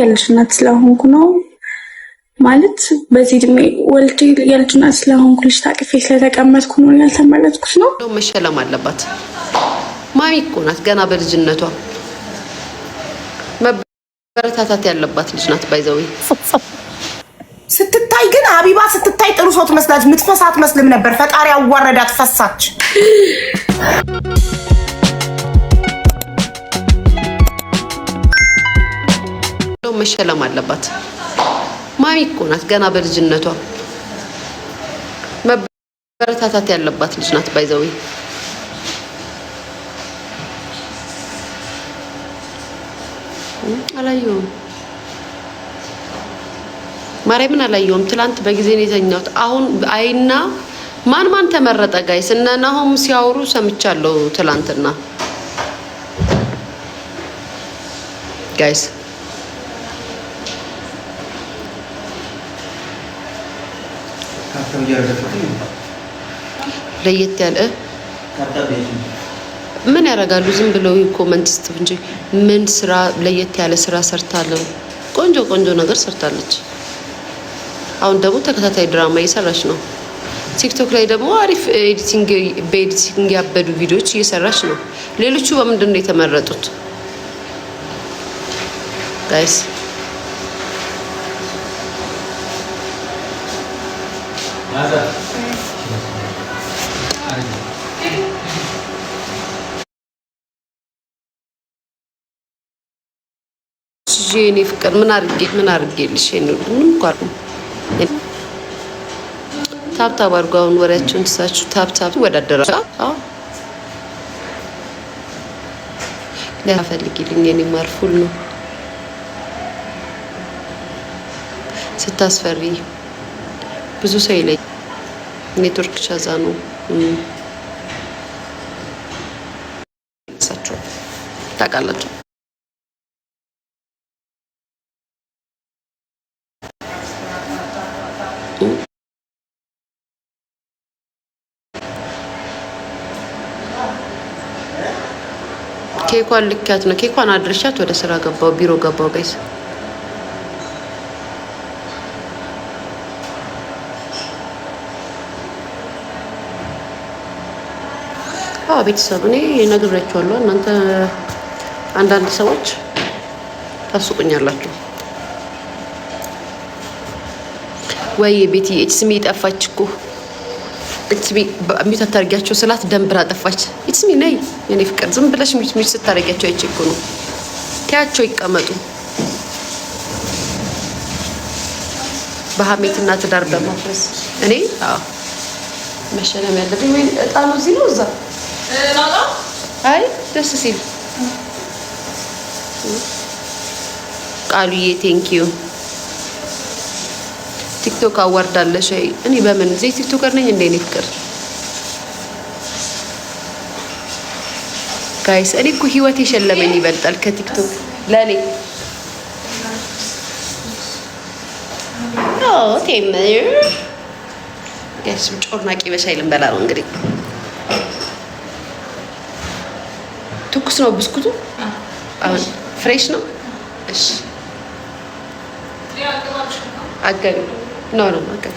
የልጅ እናት ስለሆንኩ ነው ማለት በዚህ እድሜ ወልድ የልጅነት ስለሆንኩ ልጅ ታቅፌ ስለተቀመጥኩ ነው ያልተመረጥኩት ነው። መሸለም አለባት። ማሚ እኮ ናት ገና በልጅነቷ መበረታታት ያለባት ልጅ ናት። ባይዘዊ ስትታይ ግን አቢባ ስትታይ ጥሩ ሰው ትመስላለች። ምትፈሳ አትመስልም ነበር። ፈጣሪ አዋረዳት፣ ፈሳች። መሸለም አለባት። ማሚ እኮ ናት ገና በልጅነቷ መበረታታት ያለባት ልጅ ናት። ባይዘዊ አላየሁም፣ ማርያምን አላየሁም። ትላንት በጊዜ ነው የተኛሁት። አሁን አይና ማን ማን ተመረጠ? ጋይ እነ ሲያወሩ ሰምቻለሁ ትላንትና ጋይስ ለየት ያለ ምን ያደርጋሉ? ዝም ብለው ኮመንት ስትፍ እንጂ ምን ስራ ለየት ያለ ስራ ሰርታለሁ። ቆንጆ ቆንጆ ነገር ሰርታለች። አሁን ደግሞ ተከታታይ ድራማ እየሰራች ነው። ቲክቶክ ላይ ደግሞ አሪፍ ኤዲቲንግ በኤዲቲንግ ያበዱ ቪዲዮዎች እየሰራች ነው። ሌሎቹ በምንድን ነው የተመረጡት ጋይስ? እኔ ፍቅር ምን አድርጌ ምን አድርጌልሽ? ምንም ኳር ታብታብ አድርጎ አሁን ወሬያቸውን ትሳችሁ ታብታብ ይወዳደራል። ፈልጊልኝ የኔ ማርፉል ነው ስታስፈሪ ብዙ ሰው ይለኝ ኔትወርክ ቻዛ ነው ሳቸው ታውቃላቸው። ኬኳን ልኪያት ነው። ኬኳን አድርሻት ወደ ስራ ገባው ቢሮ ገባው ጋይስ አዎ ቤተሰብ እኔ ነግሬያችኋለሁ። እናንተ አንዳንድ ሰዎች ታስቁኛላችሁ። ወይ ቤቲ ኤችስሚ ጠፋች እኮ ኤችስሚ ሚት አታደርጊያቸው ስላት ደንብራ ጠፋች። ኤችስሚ ነይ የኔ ፍቅር፣ ዝም ብለሽ ሚት ሚት ስታደርጊያቸው አይቼ እኮ ነው። ተያቸው ይቀመጡ። በሀሜትና ትዳር በማፍረስ እኔ መሸለም ያለብኝ ወይ እጣ እዚህ ነው እዛ አይ ደስ ሲል ቃሉዬ ዩ ቲክቶክ አዋርዳለሽ? እኔ በምን ዜ ቲክቶከር ነኝ እንደኔ ፍቅር ጋይስ፣ እኔ እኮ ህይወት የሸለመኝ ይበልጣል ከቲክቶክ ለእኔ ቴምር oh, ጮርናቂ በሻይ ልንበላ ነው እንግዲህ ትኩስ ነው ብስኩቱ። አሁን ፍሬሽ ነው። እሺ አገቢ ኖ ኖ አገቢ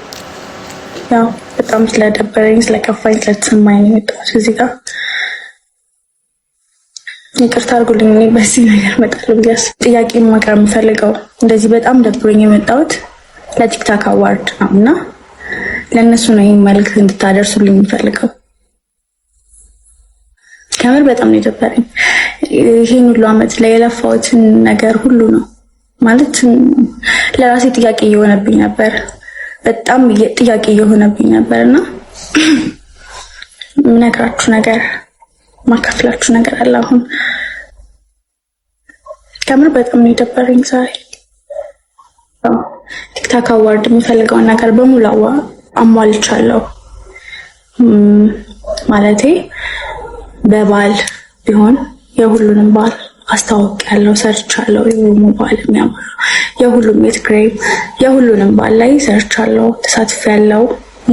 ያው በጣም ስለደበረኝ ስለከፋኝ ስለተሰማኝ ነው የመጣሁት እዚህ ጋር። ይቅርታ አድርጉልኝ። እኔ በዚህ ነገር እመጣለሁ ብዬ ጥያቄ ማቅረብ የምፈልገው እንደዚህ በጣም ደብሮኝ የመጣሁት ለቲክታክ አዋርድ ነው እና ለእነሱ ነው ይህን መልዕክት እንድታደርሱልኝ የምፈልገው። ከምር በጣም ነው የደበረኝ። ይህን ሁሉ አመት ላይ የለፋሁትን ነገር ሁሉ ነው ማለት ለራሴ ጥያቄ እየሆነብኝ ነበር። በጣም ጥያቄ እየሆነብኝ ነበር እና ምነግራችሁ ነገር ማካፍላችሁ ነገር አለ። አሁን ከምር በጣም ነው የደበረኝ ዛሬ። ቲክታክ አዋርድ የሚፈልገውን ነገር በሙሉ አሟልቻለሁ ማለቴ በባል ቢሆን የሁሉንም ባል አስታወቅ ያለው ሰርቻለሁ የሆኑ ባል የሚያምር የሁሉም የትግራይ የሁሉንም በዓል ላይ ሰርቻለሁ፣ ያለው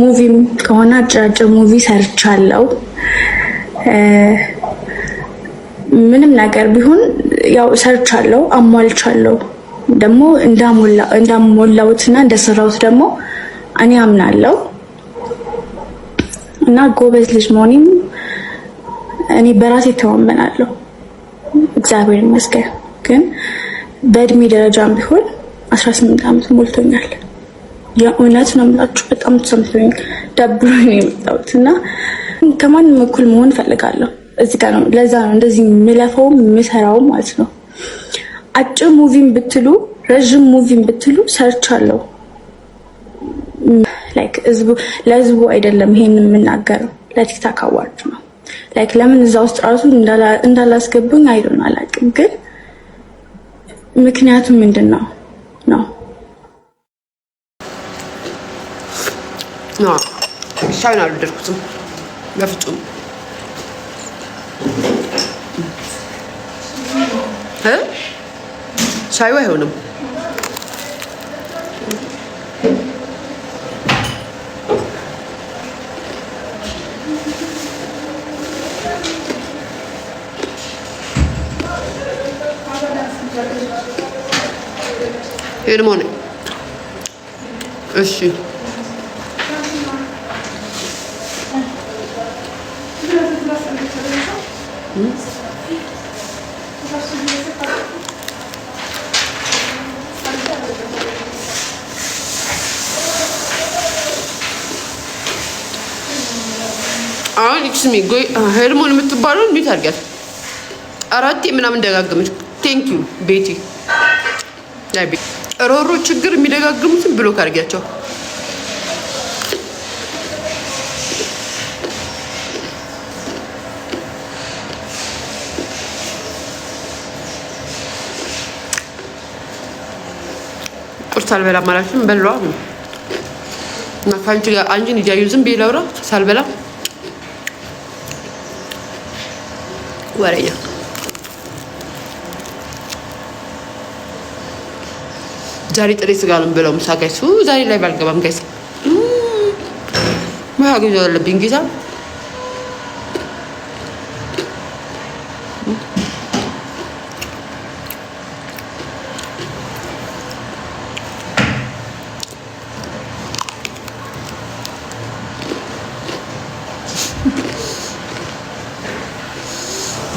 ሙቪም ከሆነ አጭር ሙቪ ሰርቻለሁ። ምንም ነገር ቢሆን ያው ሰርቻለሁ፣ አሟልቻለሁ። ደግሞ እንዳሞላሁትና እንደሰራሁት ደግሞ እኔ አምናለሁ እና ጎበዝ ልጅ መሆኔም እኔ በራሴ ተማመናለሁ። እግዚአብሔር ይመስገን ግን በእድሜ ደረጃም ቢሆን አስራ ስምንት ዓመት ሞልቶኛል። የእውነት ነው የምላችሁ በጣም ተሰምቶኝ ደብሮ ነው የመጣሁት እና ከማንም እኩል መሆን እፈልጋለሁ። እዚህ ጋር ነው ለዛ ነው እንደዚህ የምለፈውም የምሰራውም ማለት ነው። አጭር ሙቪን ብትሉ ረዥም ሙቪን ብትሉ ሰርች አለው ላይክ ህዝቡ ለህዝቡ አይደለም ይሄን የምናገረው ለቲክታክ አዋርድ ነው። ላይክ ለምን እዛ ውስጥ ራሱ እንዳላስገቡኝ አይዶን አላውቅም። ግን ምክንያቱም ምንድን ነው ነው። ሻይን አልወደድኩትም በፍጹም። ሻዩ አይሆንም። ኤልሞን እሺ አሁን ስሚ ሄልሞን የምትባለው እንዴት አድርጋት አራቴ ምናምን ደጋግመች። ቴንኪዩ ቤቴ ሮሮ ችግር የሚደጋግሙትን ብሎክ አድርጊያቸው። ቁርስ አልበላ ማለትም በሏ እና ከአንቺ ጋር አንቺን እያዩ ዝም ብዬ ላውራ ሳልበላ ወሬኛ ዛሬ ጥሬ ስጋ ነው ብለው ምሳ ጋይስ ዛሬ ላይ ባልገባም ጋይስ ማግኘት አለብኝ ጊዛ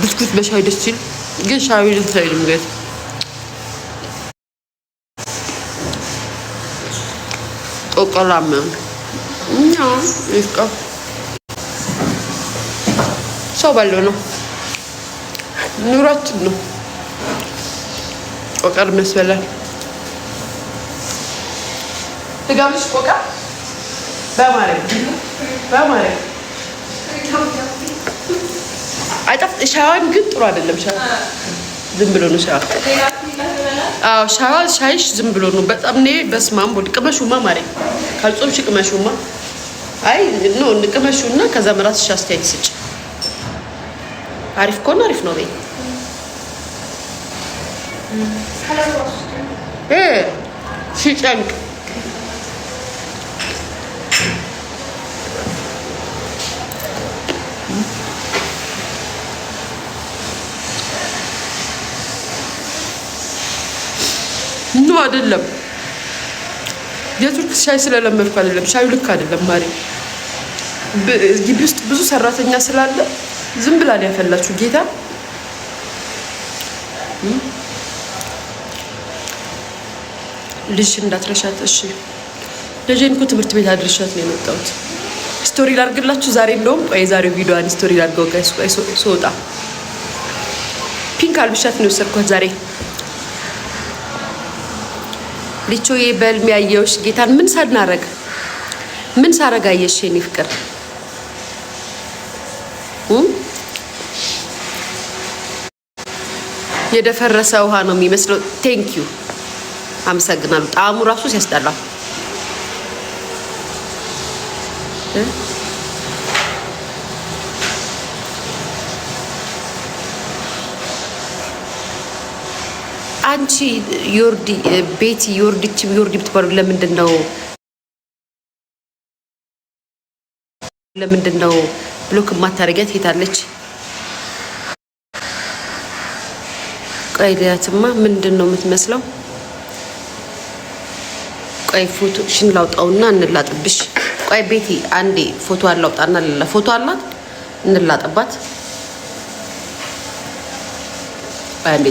ብስኩት በሻይ ደስ ሲል ግን ሻይ ደስ አይልም ጋይስ Kokolammen. No, listo. ሰው በሎ ነው ኑሯችን ነው። ቆቀር መስበላል ትጋብሽ ቆቀር በማርያም ሻዋን ግን ጥሩ አይደለም። ሻዋ ዝም ብሎ ነው። ሻዋ አዎ፣ ሻዋ ሻይሽ ዝም ብሎ ነው። በጣም እኔ በስማም ወድቅመሹማ ማርያም ካልጾምሽ ቅመሹማ። አይ ኖ ቅመሹና ከዛ ራስሽ አስተያየት ስጭ። አሪፍ ከሆነ አሪፍ ነው። ቤት ሲጨንቅ ኖ አይደለም። የቱርክ ሻይ ስለለመድኩ አይደለም። ሻዩ ልክ አይደለም ማሪ። ግቢ ውስጥ ብዙ ሰራተኛ ስላለ ዝም ብላ ነው ያፈላችሁ። ጌታ ልጅ እንዳትረሻት እሺ። ልጄን እኮ ትምህርት ቤት አድርሻት ነው የመጣሁት። ስቶሪ ላርግላችሁ ዛሬ። እንደውም ቆይ የዛሬው ቪዲዮዋን ስቶሪ ላርገው ስወጣ ፒንክ አልብሻት ነው የወሰድኳት ዛሬ ልቾዬ በህልም ያየውሽ ጌታን ምን ሳናረግ ምን ሳረግ አየሽ የኔ ፍቅር የደፈረሰ ውሃ ነው የሚመስለው። ቴንክ ዩ አመሰግናለሁ። ጣዕሙ ራሱ ሲያስጠላል። አንቺ ዮርዲ ቤቲ ዮርዲች ዮርዲ ብትባሉ ለምንድን ነው ለምንድን ነው ብሎክ ማታረጊያት? ሄታለች ቀይዳትማ ምንድን ነው የምትመስለው? ቆይ ፎቶ ሽን ላውጣውና እንላጥብሽ። ቆይ ቤቲ አንዴ ፎቶ አላውጣና ፎቶ አላት እንላጥባት።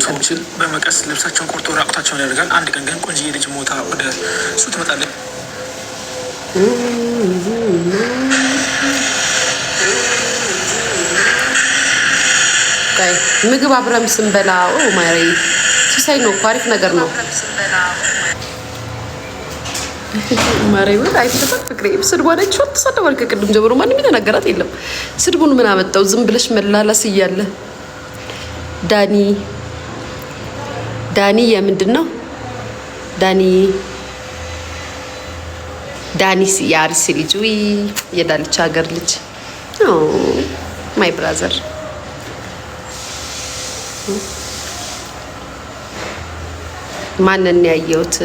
ሰዎችን በመቀስ ልብሳቸውን ቆርጦ ራቁታቸውን ያደርጋል። አንድ ቀን ግን ቆንጆዬ ልጅ ሞታ ወደ እሱ ትመጣለች። ምግብ አብረም ስንበላ ማሪ ሲሳይ ነው እኮ አሪፍ ነገር ነው። ማሪ አይተሳት ፍቅሬ ስድቧ ነች። ተሳደባል ከቅድም ጀምሮ ማንም የተናገራት የለም። ስድቡን ምን አመጣው? ዝም ብለሽ መላላስ እያለ ዳኒ ዳኒ የምንድን ነው ዳኒ ዳኒ የአርሲ ልጅ ዊ የዳልቻ ሀገር ልጅ ማይ ብራዘር ማንን ያየሁት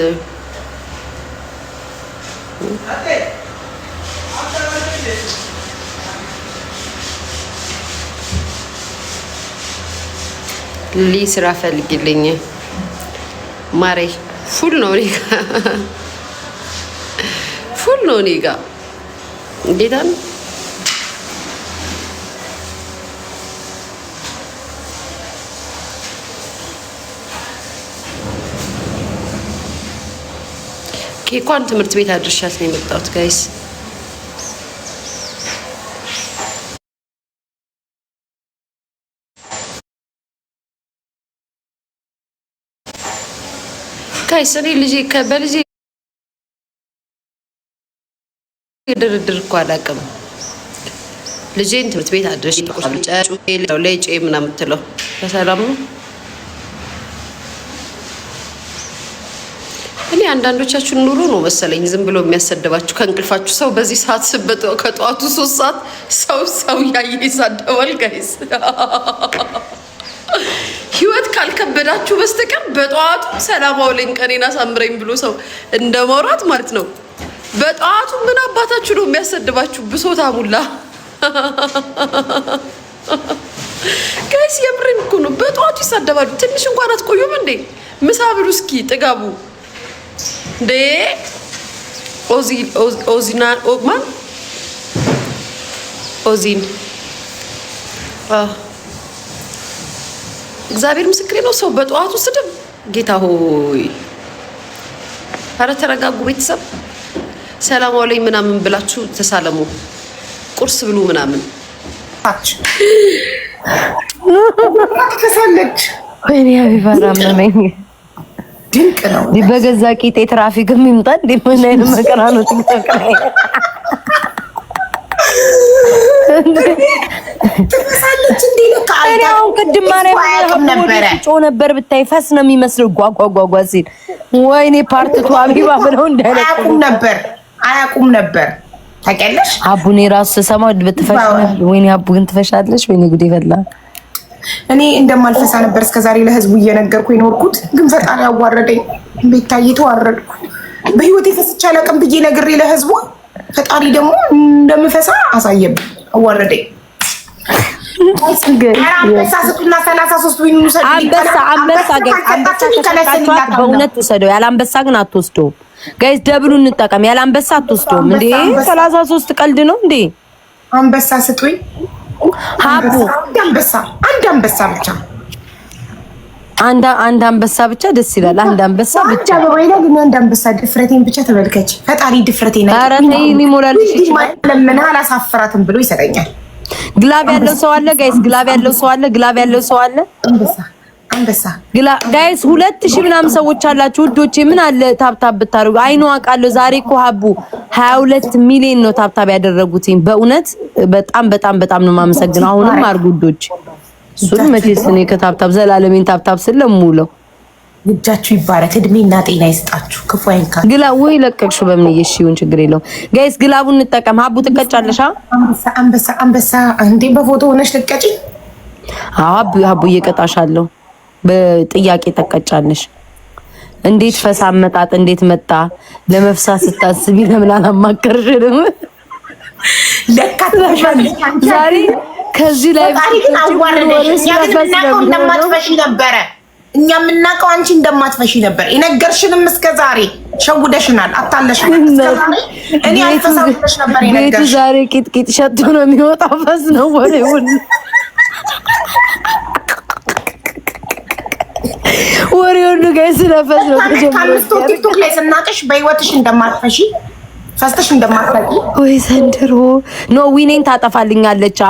ሊ ስራ ፈልግልኝ ማሬ ፉል ነው እኔ ጋ ፉል ነው እኔ ጋ እንዴታ ኬኳን ትምህርት ቤት አድርሻት ነው የመጣሁት ጋይስ። ከስሪ ልጅ በልጅ ድርድር እኮ አላውቅም። ልጄን ትምህርት ቤት አድርሽ ላይ ጬ ምናምን የምትለው በሰላም ነው። እኔ አንዳንዶቻችሁን ኑሮ ነው መሰለኝ ዝም ብሎ የሚያሰደባችሁ ከእንቅልፋችሁ ሰው በዚህ ሰዓት ከጠዋቱ ሶስት ሰዓት ሰው ሰው ያየ ይሳደባል ጋይስ ህይወት ካልከበዳችሁ በስተቀር በጠዋቱ ሰላም አውለኝ ቀኔን አሳምረኝ ብሎ ሰው እንደ ማውራት ማለት ነው። በጠዋቱ ምን አባታችሁ ነው የሚያሰድባችሁ? ብሶታ ሙላ ጋይስ፣ የምሬን እኮ ነው። በጠዋቱ ይሳደባሉ። ትንሽ እንኳን አትቆዩም እንዴ? ምሳ ብሉ እስኪ ጥጋቡ እንዴ። ኦዚና ኦግማን ኦዚን እግዚአብሔር ምስክሬ ነው። ሰው በጠዋቱ ስድብ፣ ጌታ ሆይ ኧረ ተረጋጉ። ቤተሰብ ሰላም ላይ ምናምን ብላችሁ ተሳለሙ፣ ቁርስ ብሉ ምናምን ተሳለች። ወይኔ ሀቢባ ራመመኝ። ድንቅ ነው። በገዛ ቂጤ ትራፊክ የሚምጣ እንዴ! ምን አይነት መከራ ነው? ትነሳለች እንዴ? ልክ አሁን ቅድም ማርያም ነበረ ጮ ነበር ብታይ ፈስ ነው የሚመስለው። ጓጓጓጓ ሲል ወይኔ ፓርትቱ አቢባ ብለው እንዳያቁም ነበር አያቁም ነበር። ታውቂያለሽ አቡኔ ራሱ ስሰማው ብትፈሽ ወይኔ አቡ ግን ትፈሻለሽ። ወይኔ ጉዴ ፈላ። እኔ እንደማልፈሳ ነበር እስከዛሬ ለህዝቡ እየነገርኩ የኖርኩት፣ ግን ፈጣሪ አዋረደኝ። ቤታዬ ተዋረድኩ። በህይወት የፈስቻ አላውቅም ብዬ ነግሬ ለህዝቡ ፈጣሪ ደግሞ እንደምፈሳ አሳየብኝ፣ አዋረደኝ። በእውነት ውሰደው። ያለ አንበሳ ግን አትወስደውም። ጋይስ ደብሉ እንጠቀም። ያለ አትወስደውም። እንዴ ሰላሳ ሶስት ቀልድ ነው እንዴ? አንበሳ ስጡኝ። አንድ አንበሳ ብቻ አንድ አንበሳ ብቻ ደስ ይላል። አንድ አንበሳ ብቻ በባይላ ግን አንድ አንበሳ ድፍረቴን ብቻ ተመልከች። ፈጣሪ ድፍረቴን አይደለም ለምን አላሳፍራትም ብሎ ይሰጠኛል። ግላብ ያለው ሰው አለ ጋይስ፣ ግላብ ያለው ሰው አለ፣ ግላብ ያለው ሰው አለ። ጋይስ ሁለት ሺህ ምናምን ሰዎች አላችሁ ውዶቼ። ምን አለ ታብታብ ብታደርጉ። አይኑ አውቃለሁ። ዛሬ እኮ ሀቡ ሀያ ሁለት ሚሊዮን ነው ታብታብ ያደረጉት። በእውነት በጣም በጣም በጣም ነው የማመሰግነው። አሁንም አድርጉ ውዶች። እሱን መቼስ እኔ ከታብታብ ዘላለሜን ታብታብ ስለምውለው ልጃችሁ ይባረክ፣ እድሜና ጤና ይስጣችሁ፣ ክፉ አይንካ። ግላቡ ይለቀቅሹ በምን እየሽ ይሁን ችግር የለው። ጋይስ ግላቡ እንጠቀም። ሀቡ ትቀጫለሻ። አንበሳ አንበሳ እንዴ! በፎቶ ሆነሽ ልቀጪ። ሀቡ ሀቡ እየቀጣሻለሁ። በጥያቄ ተቀጫለሽ። እንዴት ፈሳ አመጣጥ እንዴት መጣ? ለመፍሳት ስታስቢ ለምን አላማከርሽንም? ዛሬ ከዚህ ላይ ግን አዋረደሽ። እኛ ግን እናውቀው እንደማጥፈሽ ነበረ እኛ የምናውቀው አንቺ እንደማትፈሺ ነበር። የነገርሽንም እስከ ዛሬ ሸውደሽናል፣ አታለሽናል። እስከ ዛሬ እኔ አልፈሳሽ ነበር ቤቱ ዛሬ ቂጥቂጥ ሸቶ ነው የሚወጣው። ፈስ ነው ወሬ ሁሉ ወሬ ሁሉ ጋር ስለፈስ ነው ከአምስት ወር ቲክቶክ ላይ ስናቀሽ በህይወትሽ እንደማትፈሺ ፈስተሽ እንደማታቂ ወይ ዘንድሮ ኖ ዊኔን ታጠፋልኛለች።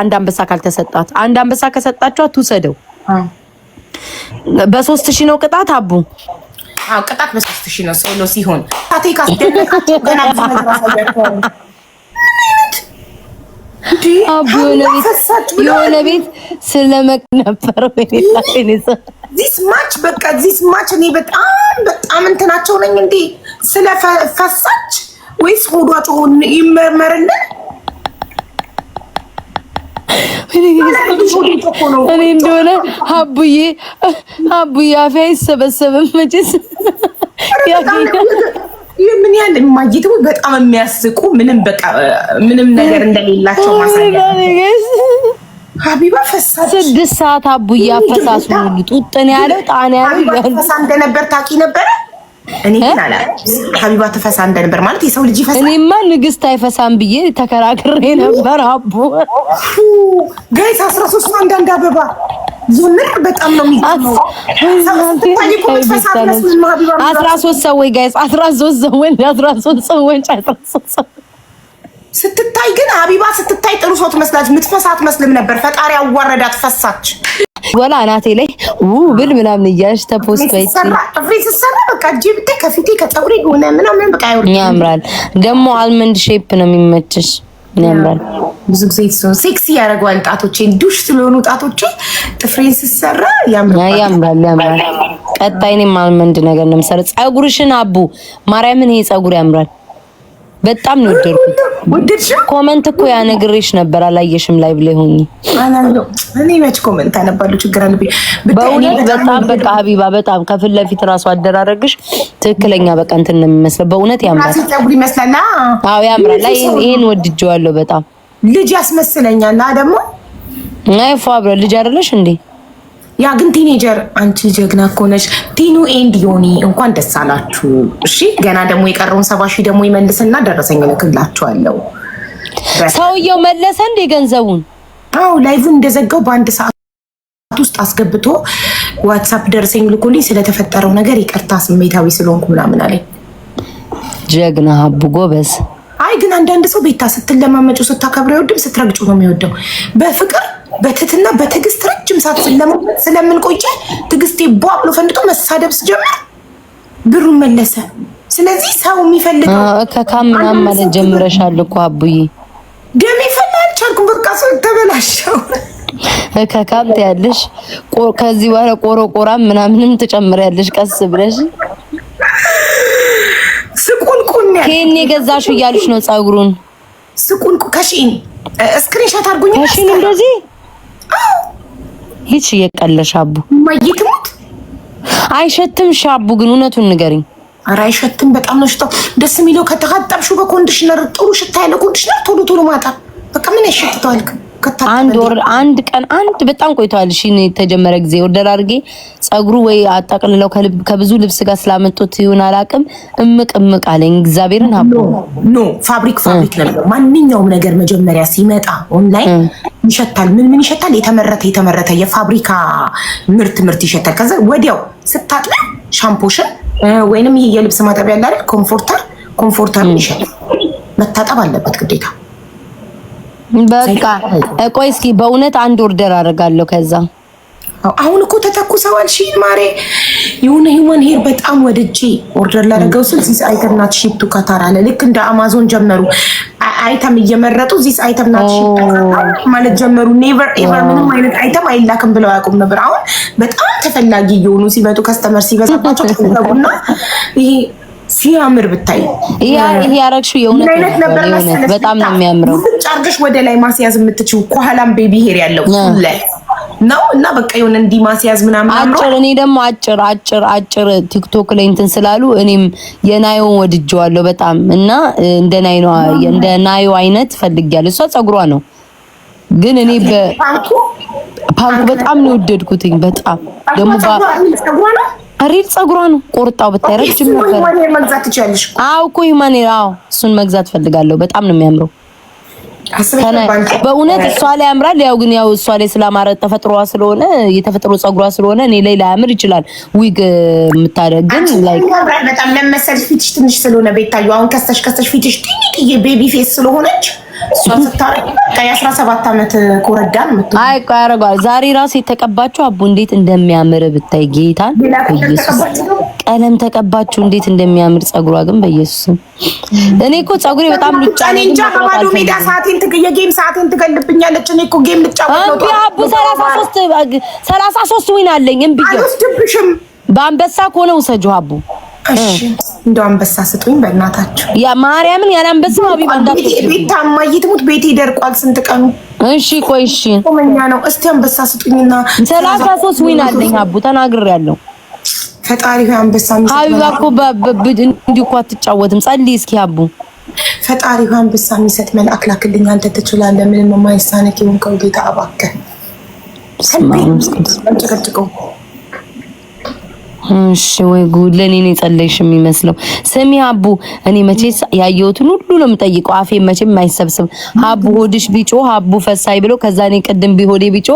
አንድ አንበሳ ካልተሰጣት አንድ አንበሳ ከሰጣቸው ትውሰደው በሶስት ሺህ ነው ቅጣት። አቡ አዎ ቅጣት በሶስት ሺህ ነው ሶሎ ሲሆን ታቴ የሆነ ቤት ስለመቅ ነበር ዚስ ማች በቃ ዚስ ማች። እኔ በጣም በጣም እንትናቸው ነኝ እንዴ ስለ ፈሳች ወይስ ሆዷ ጮሆን ይመርመርልን እኔ እንደሆነ ሀቡዬ ሀቡዬ አፌ አይሰበሰብም መቼስ ምን ያህል የማየት በጣም የሚያስቁ ምንም በቃ ምንም ነገር እንደሌላቸው ማሳያ ሀቢባ ፈሳሽ ስድስት ሰዓት አቡዬ አፈሳሱ ሁሉ ጡጥን ያለው ጣን ያለው እንደነበር ታውቂ ነበረ። እኔ ግን አላ ሀቢባ ትፈሳ እንደነበር ማለት የሰው ልጅ ይፈሳል። እኔማ ንግስት አይፈሳም ብዬ ተከራክሬ ነበር። አቦ ጋይስ ነው አንዳንድ አበባ ዙምር በጣም ነው የሚገርመው። አስራ ሶስት ጋይስ አስራ ሶስት አስራ ሶስት አስራ ሶስት ስትታይ ግን ሀቢባ ስትታይ ጥሩ ሰው ትመስላለች። ምትፈሳ አትመስልም ነበር። ፈጣሪ አዋረዳት፣ ፈሳች። ወላ አናቴ ላይ ው ብል ምናምን እያለች ተፖስት በይ ጥፍሬ ስትሰራ በቃ እጄ ከፊቴ ከፀጉሬ ሆነ ምናምን በቃ ያምራል። ደግሞ አልመንድ ሼፕ ነው የሚመችሽ። ያምራል ብዙ ጊዜ ሴክሲ ያደርገዋል። ጣቶቼን ዱሽ ስለሆኑ ጣቶቼ ጥፍሬን ስሰራ ያምራል፣ ያምራል። ቀጣይ እኔም አልመንድ ነገር ነው የምሰራው። ፀጉርሽን አቡ ማርያምን፣ ይሄ ፀጉር ያምራል። በጣም ነው የወደድኩት። ኮመንት እኮ ነግሬሽ ነበር አላየሽም። ላይቭ ላይ ሆኜ እኔ መች ኮመንት አነባለሁ? ችግር አለብኝ በእውነት በጣም በቃ ሀቢባ በጣም ከፊት ለፊት አደራረግሽ ትክክለኛ በቃ እንትን ነው የሚመስለው። በእውነት ያምራል፣ ፀጉር ይመስላልና። አዎ ያምራል። ይሄን ወድጄዋለሁ በጣም ልጅ ያስመስለኛል። ና ደግሞ ናይ ፏ ልጅ አይደለሽ እንዴ? ያ ግን ቲኔጀር አንቺ ጀግና ከሆነች ቲኑ ኤንድ ዮኒ እንኳን ደስ አላችሁ። እሺ ገና ደግሞ የቀረውን ሰባ ሺህ ደግሞ ይመልስና ደረሰኝ እልክላችኋለሁ። ሰውየው መለሰ እንደ ገንዘቡን። አዎ ላይቭን እንደዘጋው በአንድ ሰዓት ውስጥ አስገብቶ ዋትሳፕ ደረሰኝ ልኮልኝ ስለተፈጠረው ነገር ይቅርታ ስሜታዊ ስለሆንኩ ምናምን አለኝ። ጀግና ሀቡ ጎበዝ አይ ግን አንዳንድ ሰው ቤታ ስትለማመጪው ስታከብረ አይወድም፣ ስትረግጩ ነው የሚወደው። በፍቅር በትትና በትዕግስት ረጅም ሰዓት ስለማመጥ ስለምንቆየ ትዕግስቴ ቧ ብሎ ፈንድቶ መሳደብ ስጀምር ብሩ መለሰ። ስለዚህ ሰው የሚፈልገው ከካም ምናምን ማለት ጀምረሻል እኮ አቡዬ ደሜ ፈላ አልቻልኩም። በቃ ሰው ተበላሸው። ከካም ትያለሽ፣ ከዚህ በኋላ ቆረቆራም ምናምንም ትጨምሪያለሽ ቀስ ብለሽ ስቁ ስቁን ነው ከኔ የገዛሽው እያሉሽ ነው። ፀጉሩን ስቁን ከሺን ስክሪንሾት አድርጉኝ። ከሺን እንደዚህ ይቺ የቀለሽ አቡ ማይትሙት አይሸትም። ሻቡ ግን እውነቱን ንገሪኝ። ኧረ አይሸትም። በጣም ነው ሽታው ደስ የሚለው። ከተጋጠብሽው በኮንዲሽነር ጥሩ ሽታ ያለው ኮንዲሽነር ቶሎ ቶሎ ማጣ በቃ ምን አይሸትተዋልክም አንድ ወር አንድ ቀን አንድ በጣም ቆይቷል። እሺ የተጀመረ ጊዜ ወርደር አድርጌ ጸጉሩ ወይ አጣቅልለው ከብዙ ልብስ ጋር ስላመጡት ይሁን አላቅም፣ እምቅ እምቅ አለኝ። እግዚአብሔርን ሀብ ኖ ፋብሪክ ፋብሪክ ነበር። ማንኛውም ነገር መጀመሪያ ሲመጣ ኦንላይን ይሸታል። ምን ምን ይሸታል? የተመረተ የተመረተ የፋብሪካ ምርት ምርት ይሸታል። ከዛ ወዲያው ስታጥበ ሻምፖሽን ወይንም ይሄ የልብስ ማጠቢያ ያለ ኮምፎርተር ኮምፎርተር ይሸታል። መታጠብ አለበት ግዴታ በቃ ቆይ እስኪ በእውነት አንድ ኦርደር አደርጋለሁ። ከዛ አሁን እኮ ተተኩሰዋል። ሺ ማሬ የሆነ ሂውማን ሄር በጣም ወድጄ ኦርደር ላደርገው ስል ዚስ አይተም ናት ሺፕ ቱ አለ። ልክ እንደ አማዞን ጀመሩ አይተም እየመረጡ ዚስ አይተም ናት ሺፕ ማለት ጀመሩ። ኔቨር ኤቨር ምንም አይነት አይተም አይላክም ብለው አያውቁም ነበር። አሁን በጣም ተፈላጊ እየሆኑ ሲመጡ ከስተመር ሲበዛባቸው ተፈለጉና ይሄ ሲያምር ብታይ ይሄ ያረግሽው የእውነት በጣም ነው የሚያምረው። ጫርገሽ ወደ ላይ ማስያዝ የምትችው ከኋላም ቤቢ ሄር ያለው ላይ ነው እና በቃ የሆነ እንዲህ ማስያዝ ምናምን አጭር። እኔ ደግሞ አጭር አጭር አጭር ቲክቶክ ላይ እንትን ስላሉ እኔም የናዮን ወድጀዋለሁ በጣም እና እንደ ናይ ነው እንደ ናዩ አይነት ፈልጊያለሁ። እሷ ጸጉሯ ነው ግን እኔ በፓንኩ በጣም ነው የወደድኩትኝ። በጣም ደግሞ ጸጉሯ ነው ሪል ጸጉሯን ቆርጣው ብታረግ ጅም ነበር። አዎ እኮ ሂማኔ አዎ፣ እሱን መግዛት ፈልጋለሁ። በጣም ነው የሚያምረው በእውነት እሷ ላይ ያምራል። ያው ግን ያው እሷ ላይ ስላማረ ተፈጥሮዋ ስለሆነ የተፈጥሮ ጸጉሯ ስለሆነ እኔ ላይ ላያምር ይችላል። ዊግ የምታደርግ ግን ላይክ በጣም ለመሰል ፊትሽ ትንሽ ስለሆነ ቤታዩ አሁን ከስተሽ ከስተሽ ፊትሽ ትንሽ ቤቢ ፌስ ስለሆነች እሷ ስታረግ የአስራ ዛሬ ራሱ የተቀባችሁ አቡ እንዴት እንደሚያምር ብታይ ጌታን ኢየሱስ ቀለም ተቀባችሁ እንዴት እንደሚያምር ጸጉሯ ግን በኢየሱስም እኔ እኮ ጸጉሬ በጣም ልጫ እኔ እንጃ በባዶ ሜዳ ሰዓቴን ትገ የጌም ሰዓቴን ትገልብኛለች። እኔ እኮ ጌም ልጫወት ነው አቡ ሰላሳ ሶስት ዊን አለኝ እምብዬ አልወስድብሽም። በአንበሳ ከሆነ ውሰጁ አቡ እሺ እንደው አንበሳ ስጡኝ በእናታችሁ። ያ ማርያምን ያለ አንበሳ ሀቢባ እንዳትል። ቤት ትሙት ቤቴ ደርቋል። ስንት ቀኑ? እሺ ቆይ እሺ ቆመኛ ነው። እስቲ አንበሳ ስጡኝና ሰላሳ ዊን አለኝ። አቡ ተናግሬያለሁ። ፈጣሪ ሆይ አንበሳ ሀቢባ እኮ እንዲሁ እኮ አትጫወትም። ጸልይ እስኪ አቡ ፈጣሪ ሆይ አንበሳ የሚሰጥ መልአክ ላክልኝ። አንተ ትችላለህ። ምንም ይሁን ከው ጌታ አባከ ጭቅጭቀው እሺ ወይ ጉድ! ለኔ ነው የጸለይሽ የሚመስለው። ስሚ አቡ፣ እኔ መቼ ያየሁትን ሁሉ ነው የምጠይቀው። አፌ መቼም አይሰብስብ። አቡ ሆድሽ ቢጮ አቡ ፈሳይ ብሎ ከዛ እኔ ቅድም ቢሆዴ ቢጮ